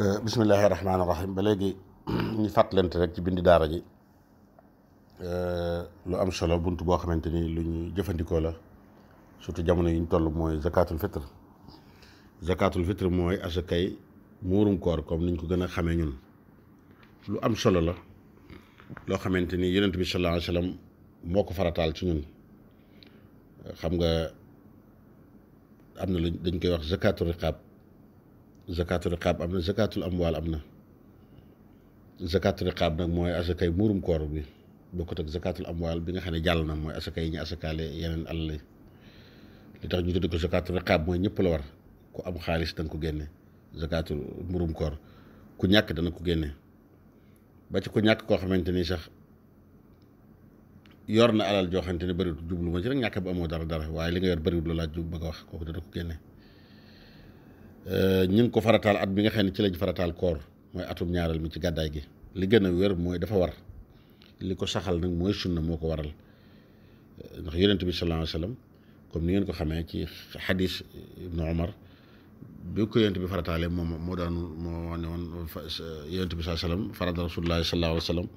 Euh, bismillaahi rahmaani rahiim ba léegi ñu fàttalante rek ci bindi daara ji euh, lu am solo bunt boo xamante ni lu ñu jëfandikoo la surtout jamono yi ñu toll mooy zakatul fitr zakatul fitr mooy kay muurum koor comme niñ ko gën a xamee ñun lu am solo la loo xamante ni yonent bi sallallaahu alayhi wa moo ko farataal ci ñun xam nga am na lu dañ koy wax zakatul riqaab zakatu riqaab am na zakatul amwaal am na zakatu riqaab nag mooy asakay muurum koor bi boo ko bokkut ak am amwaal bi nga xam ne jàll na mooy asakay ñi asakaale yeneen àll li tax ñu tudd ko zakatu riqaab mooy ñëpp la war ku am xaalis danga ko génne zakatul muurum koor ku ñàkk dana ko génne ba ci ku ñàkk koo xamante ni sax yor na alal joo xamante ne bëriwul jublu ma ci rek ñàkk ba amoo dara dara waaye li nga yor bëriwul la laaj jub bëgg a wax kooku dana ko génne Euh, ñu ngi ko farataal at bi nga xam ne ci lañ farataal koor mooy atum ñaareel mi ci gàddaay gi li gën a wér mooy dafa war li ko saxal nag mooy na moo ko waral euh, ndax yonent bi sallallahu alayhi wasallam comme ni ngeen ko xamee ci xadis ibnu Umar bi ko yonent bi farataalee moom moo daan moo ne woon yonent bi sallallahu alayhi wasallam farada rasulullahi sallallahu alayhi wasallam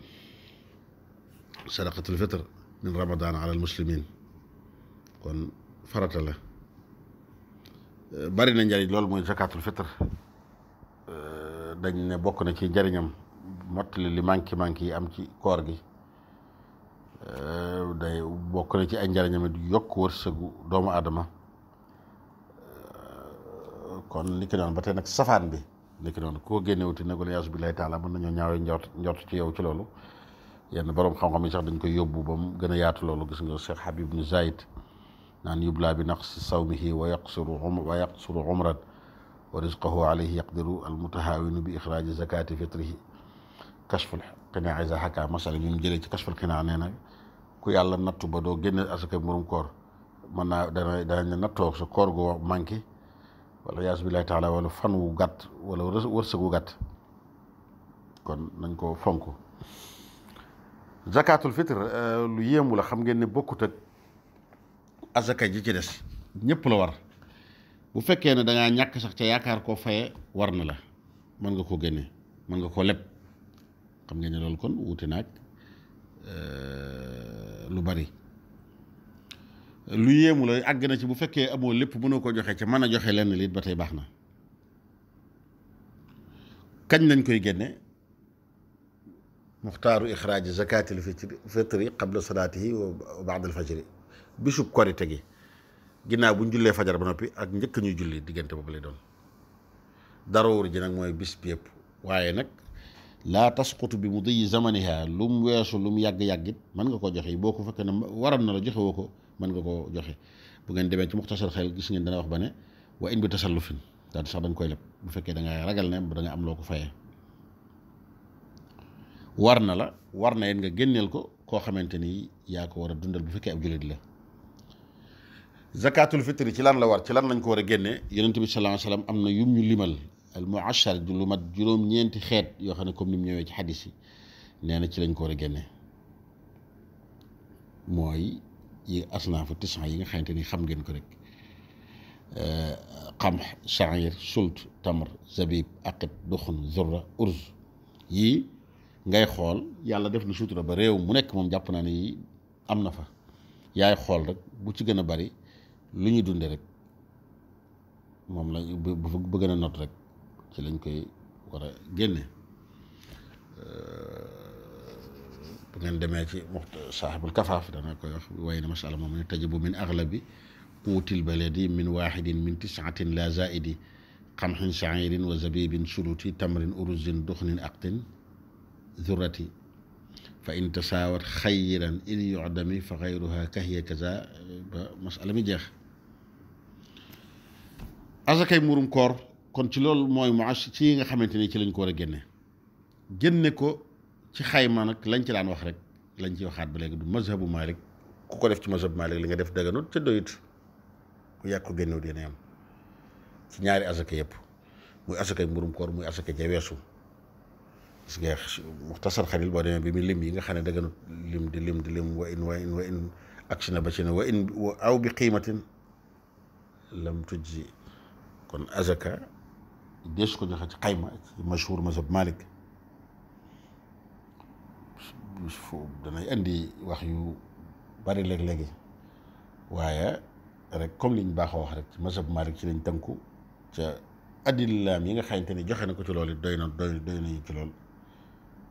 sadaqatul fitr min ramadan ala la Euh, bari na njariñ loolu mooy zakatul fitr euh, dañ ne bokk na ci njariñam mottali li manqué manqué yi am ci koor gi euh, day bokk na ci ay njariñam du yokk wërsëgu doomu aadama kon li ki noonu ba tey nag safaan bi li ki noonu koo génnewuti ne ko la yaasu billahi taala mën nañoo ñaawee njort njort ci yow ci loolu yenn boroom xam-xam yi sax dañ koy yóbbu ba mu gën a yaatu loolu gis nga Cheikh Habib ibn Zayd naan yublaa bi naqsi sawmihi wa yaqsuru um, wa yaqsuru umran wa risqahu alayhi yaqdiru almutahaawinu bi ixraaji zakati fitrihi kashful qinaa isa xakaa masala ñu jëlee ci kashful qinaa nee na ku yàlla nattu ba doo génne asaka mburum koor mën naa dana danañ ne nattoo sa koor gu manqué wala yaas billahi taala wala fan wu gàtt wala wërsëg wu gàtt kon nañ ko fonk zakatul fitre euh, lu yéemu la xam ngeen ne bokkut ak azaka ji ci des ñëpp la war bu fekkee ne dangaa ñàkk sax ca yaakaar koo faye war na la mën nga koo génne mën nga koo leb xam nga ne loolu kon wuute naag euh, lu bari lu yéemu la àgg na ci bu fekkee amoo lépp mënoo ko joxe ca mën a joxe lenn liit ba tey baax na kañ lañ koy génne muxtaaru ixraaji zakaatil fitri qabla salaatihi wa baad al fajri bisub korite tege ginnaaw bu ñu jullee fajar ba noppi ak njëkk ñuy julli diggante boobu lay doon daruur ji nag mooy bis bi yëpp waaye nag laa tasqutu bi mu diyi zamaniha lu mu weesu lu mu yàgg-yàggit mën nga koo joxe boo ko fekkee ne waroon na la ko mën nga koo joxe bu ngeen demee ci muxtasar xel gis ngeen dana wax ba ne wa in bi tasallufin daal sax koy leb bu fekkee da nga ragal ne da nga am loo ko fayee war na la war na yéen nga génneel ko koo xamante ni yaa ko war a dundal bu fekkee ab jullit la zakatul fitri ci lan la war ci lan lañ ko war a génne yonent bi sallallahu alayhi am na yu ñu limal al muashar du lu mat juróom-ñeenti xeet yoo xam ne comme ni mu ñëwee ci xadis yi nee na ci lañ ko war a génne mooy yi asnaafu tisan yi nga xamante ni xam ngeen ko rek xam sha'ir sult tamr zabib aqit duxun zurra urz yii ngay xool yàlla def na sutura ba réew mu nekk moom jàpp naa ne yi am na fa yaay xool rek bu ci gën a bari lu ñuy dunde rek moom lañ bu bëgg na not rek ci lañ koy war a génne euh, bu ngeen demee ci muxt saaxibul kafaaf dana koy wax waaye na masala moom ne tajibu min aglabi quutil baladi min waaxidin min tisaatin la zaidi xamxin shairin wa zabibin suluti tamrin uruzin duxnin aqtin zurati fa in tasaawat xayran in yucdami fa xayruha kahiya kaza masala mi jeex asakay murum koor kon ci lool mooy muas ci nga xamante ni ci lañ ko war a génne génne ko ci xayma nag lañ ci daan wax rek lañ ci waxaat ba léegi du mazhabu Malik ku ko def ci mazhabu Malik li nga def daganut ca doyut ku yàq ko génnewut yéen am ci ñaari asaka yëpp muy asakay murum koor muy asaka ja weesu gis nga muxtasar xalil boo demee bi mu lim yi nga xam ne dagganut lim di lim di lim wa in wa in wa in agsi na ba ci ne wa in aw bi qiimatin lam tujji kon azaka des ko joxe ci xayma mashhur mazhab malik foofu danay indi wax yu bari léeg-léegi waaye rek comme baaxoo wax rek ci mazhab malik ci lañ tënku ca laam yi nga xamante ne joxe na ko ci loolu doy na doy doy nañu ci loolu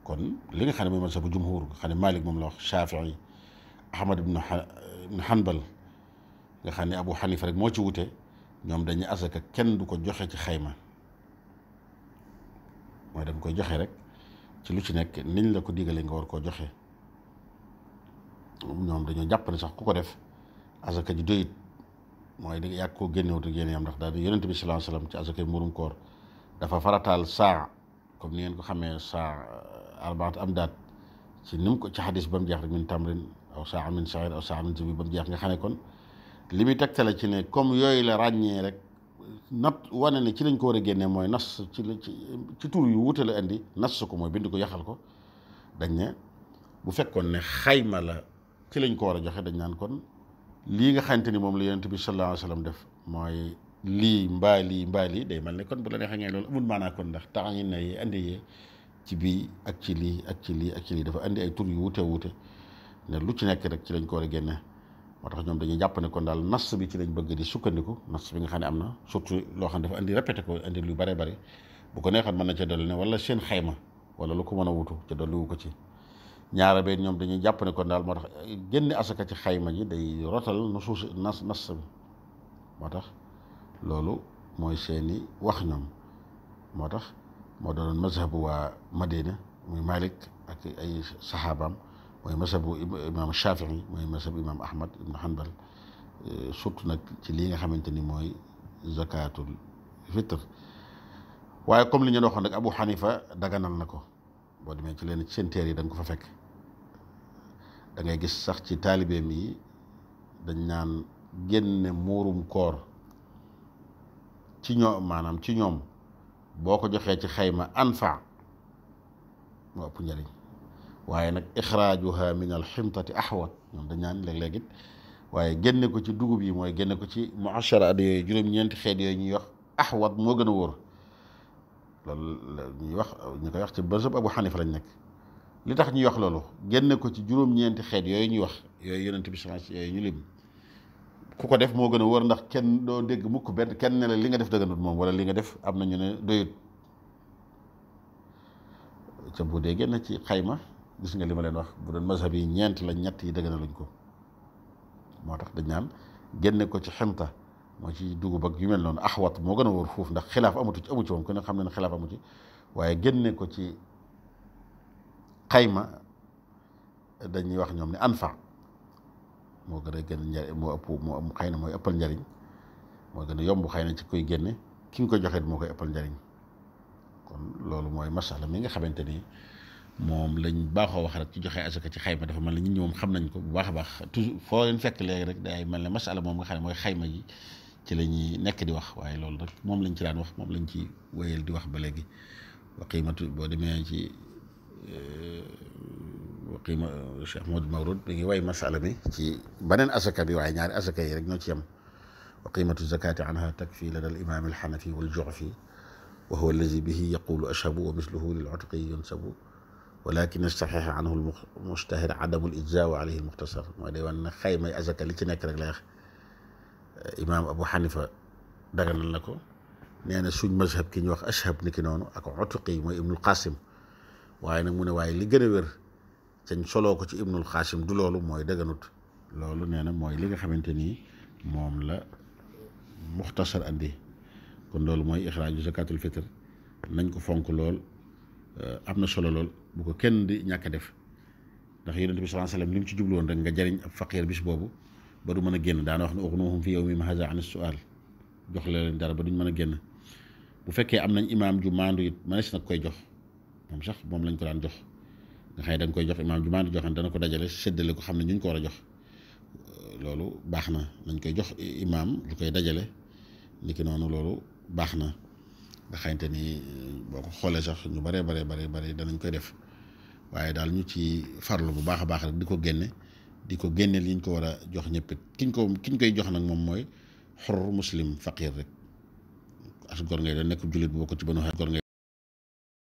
kon li nga xam ne mooy mazhabu jumhur nga xam ne Malik moom la wax Shafii Ahmad ibn Hanbal nga xam ne Abu Hanifa rek moo ci wute ñoom dañuy asaka kenn du ko joxe ci xayma mooy dañ koy joxe rek ci lu ci nekk niñ la ko digalee nga war koo joxe ñoom dañoo jàpp ne sax ku ko def asaka ji doyit mooy da yàgg koo génnewut ak yéen yam ndax daal di yonent bi sallallahu alayhi wasallam ci asaka murum koor dafa farataal saa comme ni ngeen ko xamee saa arbaat am daat ci ni mu ko ci xadis ba mu jeex rek min tamrin aw saa min saxir aw saa min zibi ba mu jeex nga xam ne kon li muy tegtale ci ne comme yooyu la ràññee rek nat wane ne ci lañ ko war a génnee mooy nas ci la ci tur yu wute la indi nas su ko mooy bind ko yaxal ko dañ ne bu fekkoon ne xayma la ci lañ ko war a joxe dañ naan kon lii nga xamante ni moom la yonent bi sallallahu alayhi wasallam def mooy lii mbaa lii mbaa lii day mel ne kon bu la neexee ngay loolu amul maanaa kon ndax taxa ngi ne andi yee ci bii ak ci lii ak ci lii ak ci lii dafa andi ay tur yu wutee wute ne lu ci nekk rek ci lañ ko war a génne moo tax ñoom dañuy jàpp daal nas bi ci lañ bëgg di sukkandiku nas bi nga xam ne am na surtout loo xam ne dafa andi répété ko andi lu bare bare bu ko neexoon mën na ca dolli ne wala seen xayma wala lu ko mën a wutu ca dolliwu ko ci ñaara be ñoom dañuy jàpp ne kon daal moo tax génne asaka xayma ji day rotal nu suus nas nas bi moo tax loolu mooy seeni wax ñoom moo tax moo doonoon mazhabu waa Madina muy Malik ak ay saxaabaam mooy mazhabu imaam Shafii mooy mazhabu imaam Ahmad ibn Hanbal euh, surtout nag ci lii nga xamante ni mooy zakatul fitr waaye comme li ñu waxoon rek Abu Hanifa daganal na ko boo demee ci leen seen teer yi dañ ko fa fekk dangay gis sax ci taalibeem yi dañ naan génne muurum koor ci ñoom maanaam ci ñoom boo ko joxee ci xayma anfa moo ëpp waaye nag ixraajuha min alximtati ahwat ñoom dañ naan leg léeg waaye génne ko ci dugub yi mooy génne ko ci muashara ad yooyu juróom-ñeenti xeet yooyu ñuy wax ahwat moo gën a loolu ñuy wax ñu koy wax ci bësëb abu xanifa nekk li tax ñuy wax loolu génne ko ci juróom-ñeenti xeet yooyu ñuy wax yooyu yonent bi yooyu ñu lim ku ko def moo gën a wóor ndax kenn doo dégg mukk benn kenn ne li nga def dëgganut moom wala li nga def am na ñu ne doyut ca bu dee génn ci xayma gis nga li ma leen wax bu doon mazhab yi ñeent la ñett yi dëgg na ko moo tax dañ naan génne ko ci ximta moo ci dugub ak yu mel noonu axwat moo gën a wóor foofu ndax xilaaf amatu ci amu ci moom ku xam ne xilaaf amu ci waaye génne ko ci xayma dañuy wax ñoom ni anfa moo gën a gën njariñ moo ëpp moo am xëy na mooy ëppal njariñ moo gën a yomb xëy na ci koy génne ki nga ko joxe moo koy ëppal njariñ kon loolu mooy masala mi nga xamante ni moom lañ baaxoo wax rek ci joxe asaka ci xayma dafa mel ne nit ñi xam nañ ko bu baax a baax toujours foo leen fekk léegi rek day man ne masala moom nga xam ne mooy xayma yi ci la ñuy nekk di wax waaye loolu rek moom lañ ci daan wax moom lañ ci wéyal di wax ba léegi wa qiimatu boo demee ci euh, xiima Cheikh Modou Mawrud mi ngi way masala mi ci beneen asaka bi waaye ñaari asaka yi rek ñoo ci yem wa qimatu zakati anha takfi lada al imam al xanafi wal juxfi wa huwa allazi bihi yaqulu ashabu wa misluhu lil utqi yunsabu walakin astaxixa anhu al mustahir adamu al ijza wa alayhi al muxtasar mooy day wan ne xaymay asaka li ci nekk rek lay wax imam Abu Xanifa daganal na ko nee na suñ mazhab ki ñu wax ashab ni ki noonu ak utqi mooy ibnul qasim waaye nag mu ne waaye li gën a wér cañ solo ko ci ibnul xaasim du loolu mooy dëgganut loolu nee na mooy li nga xamante ni moom la muxtasar andi kon loolu mooy ixraaju zakatul fitr nañ ko fonk lool euh, am na solo lool bu ko kenn di ñàkk def ndax yonent bi sallallahu alayhi wasallam li mu ci jubluwoon rek nga jariñ ab faqiir bis boobu ba du mën a génn daana wax ne ughnuhum fi yawmi hadha an as-su'al jox leen dara ba duñ mën a génn bu fekkee am nañ imaam ju maandu it mënees nag koy jox moom sax moom lañ ko daan jox nga xam ne koy jox imaam jumaa di joxan dana ko dajale séddale ko xam ne ñu ñu ko war a jox euh, loolu baax na nañ koy jox imaam lu koy dajale niki noonu loolu baax na nga xamante ni euh, boo ko xoolee sax ñu bare bare bare bare danañ koy def waaye daal ñu ci farlu bu baax a baax rek di ko génne di ko génneel yi ñu ko war a jox ñëpp it kiñ ko kiñ koy jox nag moom mooy xor muslim faqir rek as gor ngay doon nekk jullit boo ko ci banu gor ngay